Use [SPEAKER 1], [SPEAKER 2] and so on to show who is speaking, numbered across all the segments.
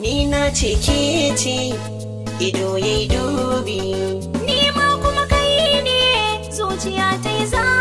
[SPEAKER 1] Nina na ce ke ce ido yayi dubi ni ma kuma kai ne zuciya ta yi zama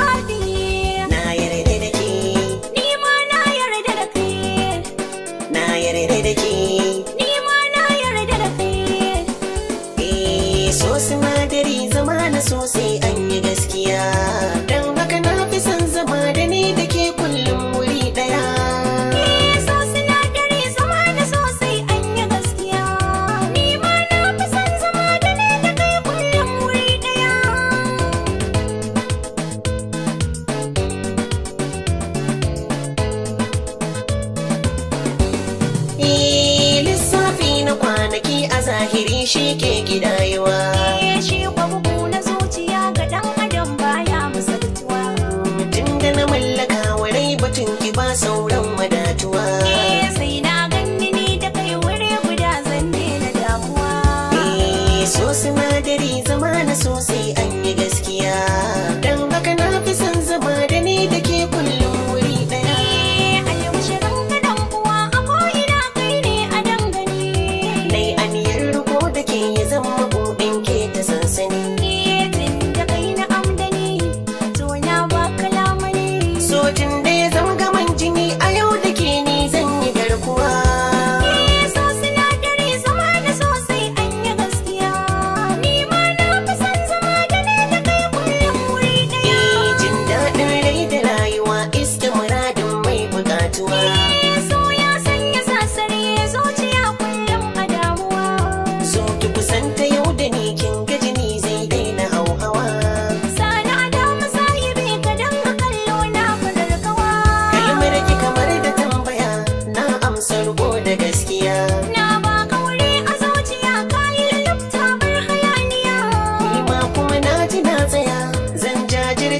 [SPEAKER 1] shi ke gidayuwa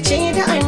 [SPEAKER 1] ce da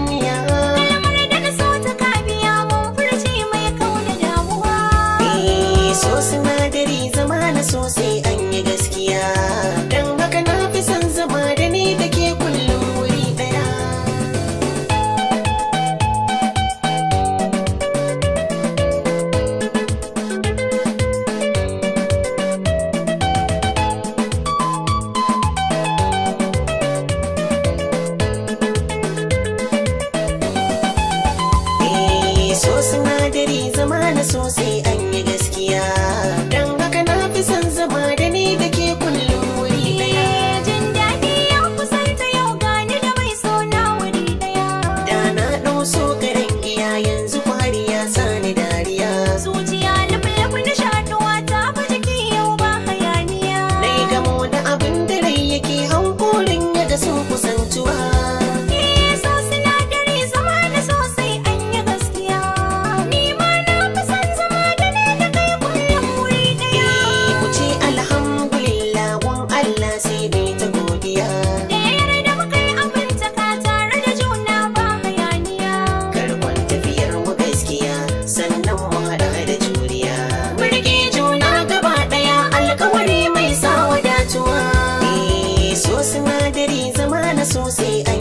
[SPEAKER 1] na sosai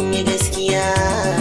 [SPEAKER 1] in yi gaskiya